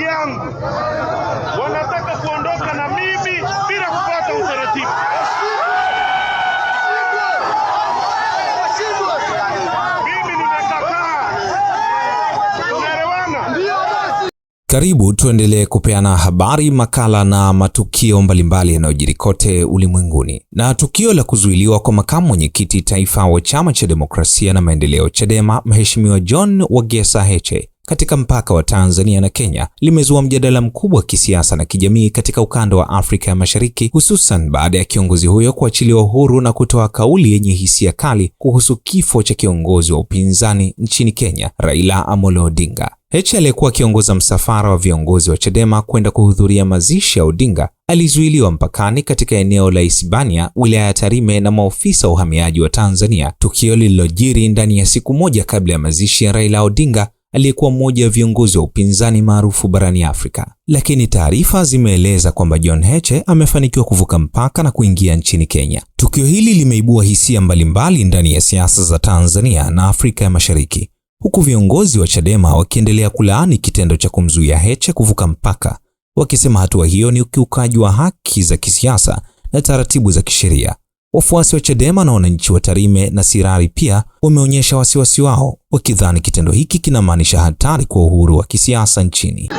nafasi yangu, wanataka kuondoka na mimi bila kupata utaratibu. Karibu tuendelee kupeana habari, makala na matukio mbalimbali yanayojiri kote ulimwenguni. Na tukio la kuzuiliwa kwa makamu mwenyekiti taifa wa chama cha demokrasia na maendeleo CHADEMA, Mheshimiwa John Wagesa Heche katika mpaka wa Tanzania na Kenya limezua mjadala mkubwa wa kisiasa na kijamii katika ukanda wa Afrika ya Mashariki, hususan baada ya kiongozi huyo kuachiliwa huru na kutoa kauli yenye hisia kali kuhusu kifo cha kiongozi wa upinzani nchini Kenya, Raila Amolo Odinga. Heche aliyekuwa akiongoza msafara wa viongozi wa Chadema kwenda kuhudhuria mazishi ya Odinga alizuiliwa mpakani katika eneo la Isibania, wilaya ya Tarime na maofisa wa uhamiaji wa Tanzania, tukio lililojiri ndani ya siku moja kabla ya mazishi ya Raila Odinga aliyekuwa mmoja wa viongozi wa upinzani maarufu barani Afrika, lakini taarifa zimeeleza kwamba John Heche amefanikiwa kuvuka mpaka na kuingia nchini Kenya. Tukio hili limeibua hisia mbalimbali ndani ya siasa za Tanzania na Afrika ya Mashariki, huku viongozi wa Chadema wakiendelea kulaani kitendo cha kumzuia Heche kuvuka mpaka, wakisema hatua hiyo ni ukiukaji wa haki za kisiasa na taratibu za kisheria. Wafuasi wa Chadema na wananchi wa Tarime na Sirari pia wameonyesha wasiwasi wao, wakidhani kitendo hiki kinamaanisha hatari kwa uhuru wa kisiasa nchini.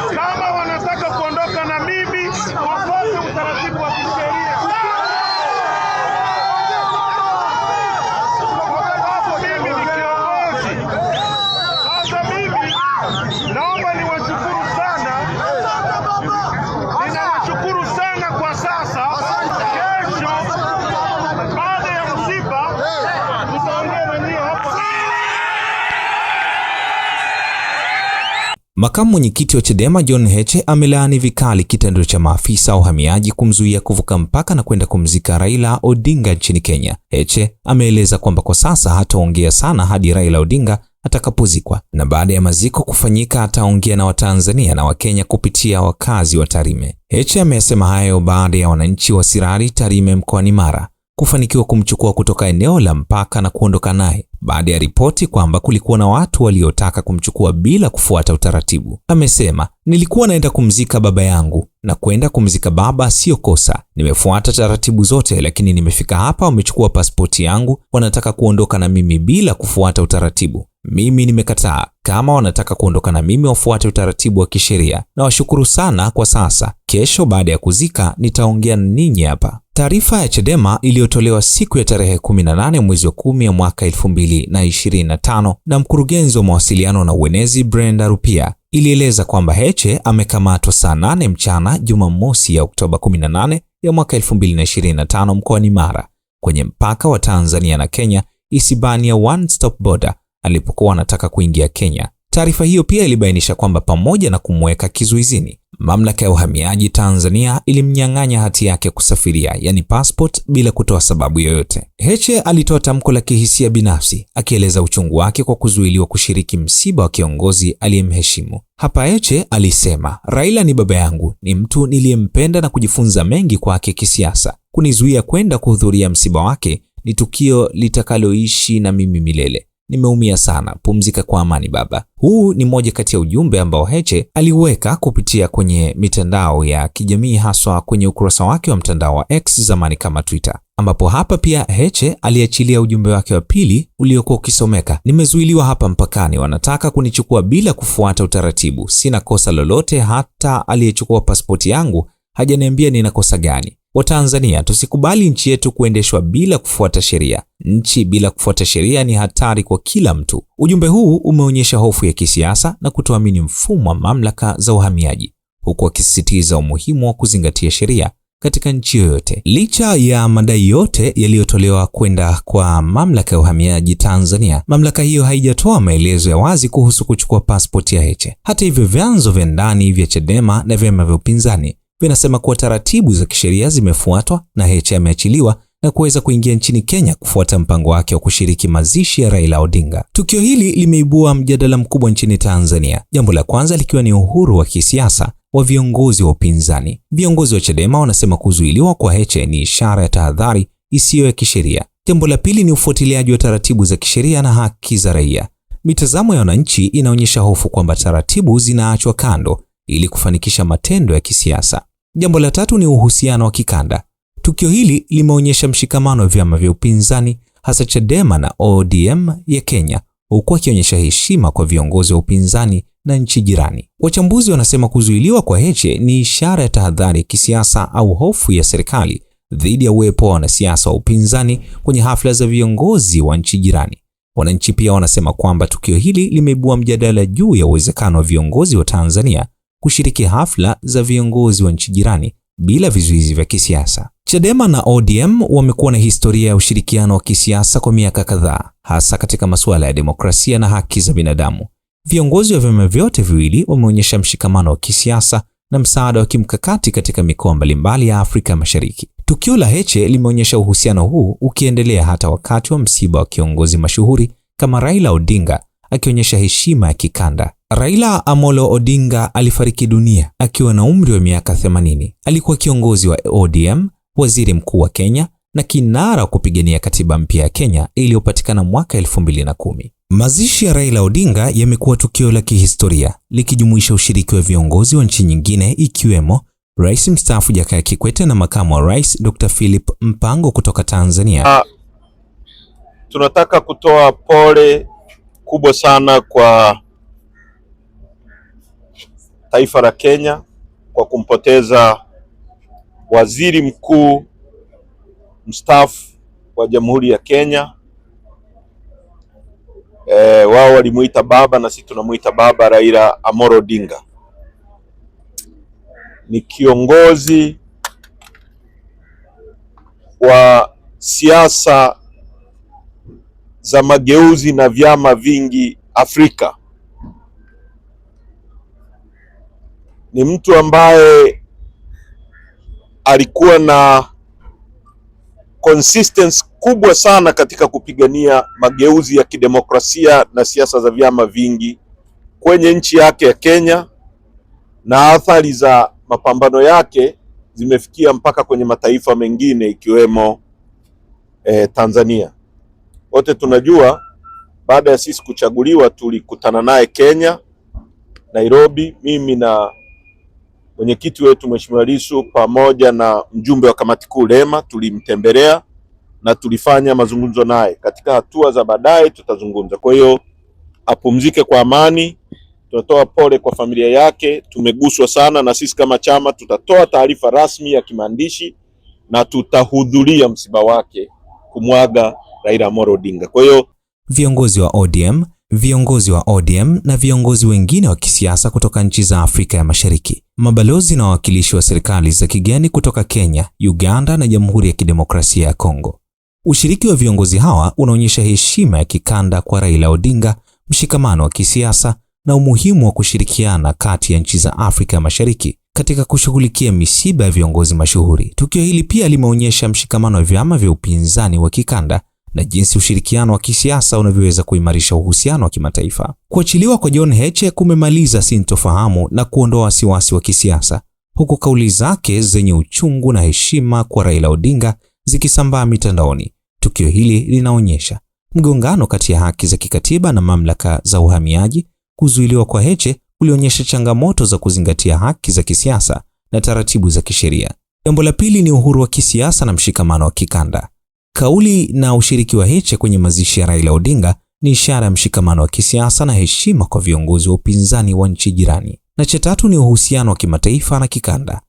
Makamu mwenyekiti wa Chadema John Heche amelaani vikali kitendo cha maafisa wa uhamiaji kumzuia kuvuka mpaka na kwenda kumzika Raila Odinga nchini Kenya. Heche ameeleza kwamba kwa sasa hataongea sana hadi Raila Odinga atakapozikwa na baada ya maziko kufanyika ataongea na Watanzania na Wakenya kupitia wakazi wa Tarime. Heche amesema hayo baada ya wananchi wa Sirari Tarime mkoani Mara kufanikiwa kumchukua kutoka eneo la mpaka na kuondoka naye baada ya ripoti kwamba kulikuwa na watu waliotaka kumchukua bila kufuata utaratibu. Amesema, nilikuwa naenda kumzika baba yangu na kwenda kumzika baba siyo kosa. Nimefuata taratibu zote, lakini nimefika hapa, wamechukua pasipoti yangu, wanataka kuondoka na mimi bila kufuata utaratibu. Mimi nimekataa. Kama wanataka kuondoka na mimi, wafuate utaratibu wa kisheria. Nawashukuru sana kwa sasa. Kesho baada ya kuzika, nitaongea na ninyi hapa taarifa ya Chadema iliyotolewa siku ya tarehe 18 mwezi wa 10 ya mwaka 2025 na mkurugenzi wa mawasiliano na uenezi Brenda Rupia ilieleza kwamba Heche amekamatwa saa 8 mchana Jumamosi ya Oktoba 18 ya mwaka 2025 mkoani Mara kwenye mpaka wa Tanzania na Kenya, Isibani ya One Stop Border, alipokuwa anataka kuingia Kenya. Taarifa hiyo pia ilibainisha kwamba pamoja na kumweka kizuizini, mamlaka ya uhamiaji Tanzania ilimnyang'anya hati yake ya kusafiria, yani passport, bila kutoa sababu yoyote. Heche alitoa tamko la kihisia binafsi, akieleza uchungu wake kwa kuzuiliwa kushiriki msiba wa kiongozi aliyemheshimu. Hapa Heche alisema, Raila ni baba yangu, ni mtu niliyempenda na kujifunza mengi kwake kisiasa. Kunizuia kwenda kuhudhuria msiba wake ni tukio litakaloishi na mimi milele. Nimeumia sana, pumzika kwa amani baba. Huu ni moja kati ya ujumbe ambao Heche aliweka kupitia kwenye mitandao ya kijamii haswa kwenye ukurasa wake wa mtandao wa X zamani kama Twitter, ambapo hapa pia Heche aliachilia ujumbe wake wa pili uliokuwa ukisomeka: nimezuiliwa hapa mpakani, wanataka kunichukua bila kufuata utaratibu, sina kosa lolote, hata aliyechukua pasipoti yangu hajaniambia nina kosa gani. Watanzania, tusikubali nchi yetu kuendeshwa bila kufuata sheria. Nchi bila kufuata sheria ni hatari kwa kila mtu. Ujumbe huu umeonyesha hofu ya kisiasa na kutoamini mfumo wa mamlaka za uhamiaji, huku akisisitiza umuhimu wa kuzingatia sheria katika nchi yoyote. Licha ya madai yote yaliyotolewa kwenda kwa mamlaka ya uhamiaji Tanzania, mamlaka hiyo haijatoa maelezo ya wazi kuhusu kuchukua pasipoti ya Heche. Hata hivyo, vyanzo vya ndani vya Chadema na vyama vya upinzani vinasema kuwa taratibu za kisheria zimefuatwa na Heche ameachiliwa na kuweza kuingia nchini Kenya kufuata mpango wake wa kushiriki mazishi ya Raila Odinga. Tukio hili limeibua mjadala mkubwa nchini Tanzania, jambo la kwanza likiwa ni uhuru wa kisiasa wa viongozi wa upinzani. Viongozi wa Chadema wanasema kuzuiliwa kwa Heche ni ishara ya tahadhari isiyo ya kisheria. Jambo la pili ni ufuatiliaji wa taratibu za kisheria na haki za raia. Mitazamo ya wananchi inaonyesha hofu kwamba taratibu zinaachwa kando ili kufanikisha matendo ya kisiasa. Jambo la tatu ni uhusiano wa kikanda. Tukio hili limeonyesha mshikamano wa vyama vya upinzani hasa Chadema na ODM ya Kenya, huku akionyesha heshima kwa viongozi wa upinzani na nchi jirani. Wachambuzi wanasema kuzuiliwa kwa Heche ni ishara ya tahadhari ya kisiasa au hofu ya serikali dhidi ya uwepo wa wanasiasa wa upinzani kwenye hafla za viongozi wa nchi jirani. Wananchi pia wanasema kwamba tukio hili limeibua mjadala juu ya uwezekano wa viongozi wa Tanzania kushiriki hafla za viongozi wa nchi jirani bila vizuizi vya kisiasa. Chadema na ODM wamekuwa na historia ya ushirikiano wa kisiasa kwa miaka kadhaa, hasa katika masuala ya demokrasia na haki za binadamu. Viongozi wa vyama vyote viwili wameonyesha mshikamano wa kisiasa na msaada wa kimkakati katika mikoa mbalimbali ya Afrika Mashariki. Tukio la Heche limeonyesha uhusiano huu ukiendelea hata wakati wa msiba wa kiongozi mashuhuri kama Raila Odinga, akionyesha heshima ya kikanda. Raila Amolo Odinga alifariki dunia akiwa na umri wa miaka 80. Alikuwa kiongozi wa ODM, waziri mkuu wa Kenya na kinara wa kupigania katiba mpya ya Kenya iliyopatikana mwaka 2010. Mazishi ya Raila Odinga yamekuwa tukio la kihistoria likijumuisha ushiriki wa viongozi wa nchi nyingine ikiwemo Rais mstaafu Jakaya Kikwete na makamu wa Rais Dr. Philip Mpango kutoka Tanzania. Ha, ah, tunataka kutoa pole kubwa sana kwa taifa la Kenya kwa kumpoteza waziri mkuu mstaafu wa Jamhuri ya Kenya. E, wao walimuita baba na sisi tunamuita baba. Raila Amolo Odinga ni kiongozi wa siasa za mageuzi na vyama vingi Afrika ni mtu ambaye alikuwa na consistency kubwa sana katika kupigania mageuzi ya kidemokrasia na siasa za vyama vingi kwenye nchi yake ya Kenya, na athari za mapambano yake zimefikia mpaka kwenye mataifa mengine ikiwemo eh, Tanzania. Wote tunajua baada ya sisi kuchaguliwa tulikutana naye Kenya Nairobi, mimi na mwenyekiti wetu Mheshimiwa Lissu pamoja na mjumbe wa kamati kuu Lema tulimtembelea na tulifanya mazungumzo naye. Katika hatua za baadaye tutazungumza. Kwa hiyo apumzike kwa amani, tunatoa pole kwa familia yake, tumeguswa sana, na sisi kama chama tutatoa taarifa rasmi ya kimaandishi na tutahudhuria msiba wake kumwaga Raila Amolo Odinga. Kwa hiyo viongozi wa ODM viongozi wa ODM na viongozi wengine wa kisiasa kutoka nchi za Afrika ya Mashariki, mabalozi na wawakilishi wa serikali za kigeni kutoka Kenya, Uganda na Jamhuri ya Kidemokrasia ya Kongo. Ushiriki wa viongozi hawa unaonyesha heshima ya kikanda kwa Raila Odinga, mshikamano wa kisiasa na umuhimu wa kushirikiana kati ya nchi za Afrika ya Mashariki katika kushughulikia misiba ya viongozi mashuhuri. Tukio hili pia limeonyesha mshikamano wa vyama vya upinzani wa kikanda na jinsi ushirikiano wa kisiasa unavyoweza kuimarisha uhusiano wa kimataifa. Kuachiliwa kwa John Heche kumemaliza sintofahamu na kuondoa wasiwasi wa kisiasa, huku kauli zake zenye uchungu na heshima kwa Raila Odinga zikisambaa mitandaoni. Tukio hili linaonyesha mgongano kati ya haki za kikatiba na mamlaka za uhamiaji. Kuzuiliwa kwa Heche kulionyesha changamoto za kuzingatia haki za kisiasa na taratibu za kisheria. Jambo la pili ni uhuru wa kisiasa na mshikamano wa kikanda. Kauli na ushiriki wa Heche kwenye mazishi ya Raila Odinga ni ishara ya mshikamano wa kisiasa na heshima kwa viongozi wa upinzani wa nchi jirani. Na cha tatu ni uhusiano wa kimataifa na kikanda.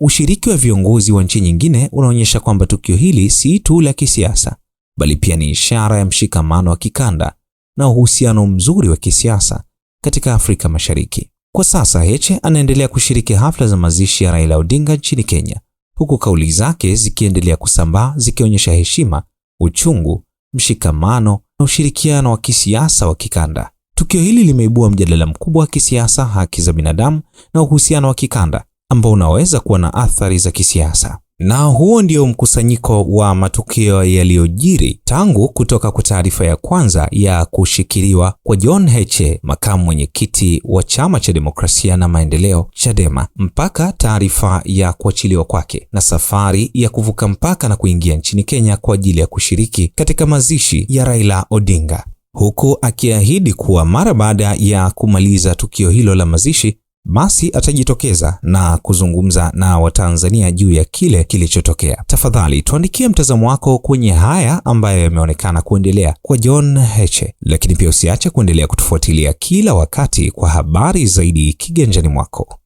Ushiriki wa viongozi wa nchi nyingine unaonyesha kwamba tukio hili si tu la kisiasa, bali pia ni ishara ya mshikamano wa kikanda na uhusiano mzuri wa kisiasa katika Afrika Mashariki. Kwa sasa Heche anaendelea kushiriki hafla za mazishi ya Raila Odinga nchini Kenya huku kauli zake zikiendelea kusambaa zikionyesha heshima, uchungu, mshikamano na ushirikiano wa kisiasa wa kikanda. Tukio hili limeibua mjadala mkubwa wa kisiasa, haki za binadamu na uhusiano wa kikanda ambao unaweza kuwa na athari za kisiasa. Na huo ndio mkusanyiko wa matukio yaliyojiri tangu kutoka kwa taarifa ya kwanza ya kushikiliwa kwa John Heche, makamu mwenyekiti wa Chama cha Demokrasia na Maendeleo Chadema, mpaka taarifa ya kuachiliwa kwake na safari ya kuvuka mpaka na kuingia nchini Kenya kwa ajili ya kushiriki katika mazishi ya Raila Odinga, huku akiahidi kuwa mara baada ya kumaliza tukio hilo la mazishi basi atajitokeza na kuzungumza na Watanzania juu ya kile kilichotokea. Tafadhali tuandikie mtazamo wako kwenye haya ambayo yameonekana kuendelea kwa John Heche, lakini pia usiache kuendelea kutufuatilia kila wakati kwa habari zaidi kiganjani mwako.